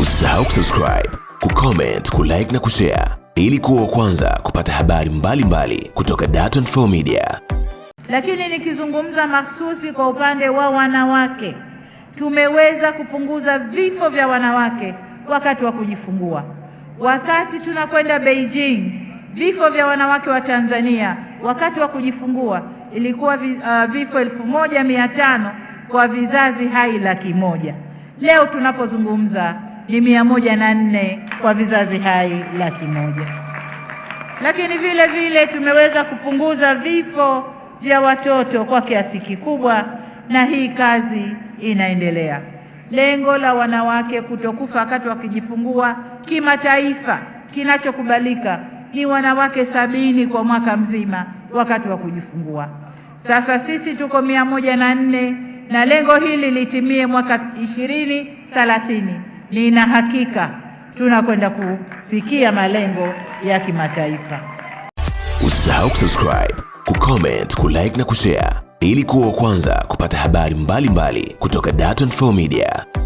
Usisahau kusubscribe, kucomment, kulike na kushare ili kuwa kwanza kupata habari mbalimbali mbali kutoka Dar24 Media. Lakini nikizungumza mahsusi kwa upande wa wanawake, tumeweza kupunguza vifo vya wanawake wakati wa kujifungua. Wakati tunakwenda Beijing, vifo vya wanawake wa Tanzania wakati wa kujifungua ilikuwa uh, vifo elfu moja mia tano kwa vizazi hai laki moja. Leo tunapozungumza ni mia moja na nne kwa vizazi hai laki moja. Lakini vile vile tumeweza kupunguza vifo vya watoto kwa kiasi kikubwa, na hii kazi inaendelea. Lengo la wanawake kutokufa wakati wakijifungua kimataifa kinachokubalika ni wanawake sabini kwa mwaka mzima wakati wa kujifungua. Sasa sisi tuko mia moja na nne na lengo hili litimie mwaka ishirini thelathini lina hakika tunakwenda kufikia malengo ya kimataifa. Usisahau kusubscribe, kucomment, kulike na kushare ili kuwa wa kwanza kupata habari mbalimbali mbali kutoka Dar24 Media.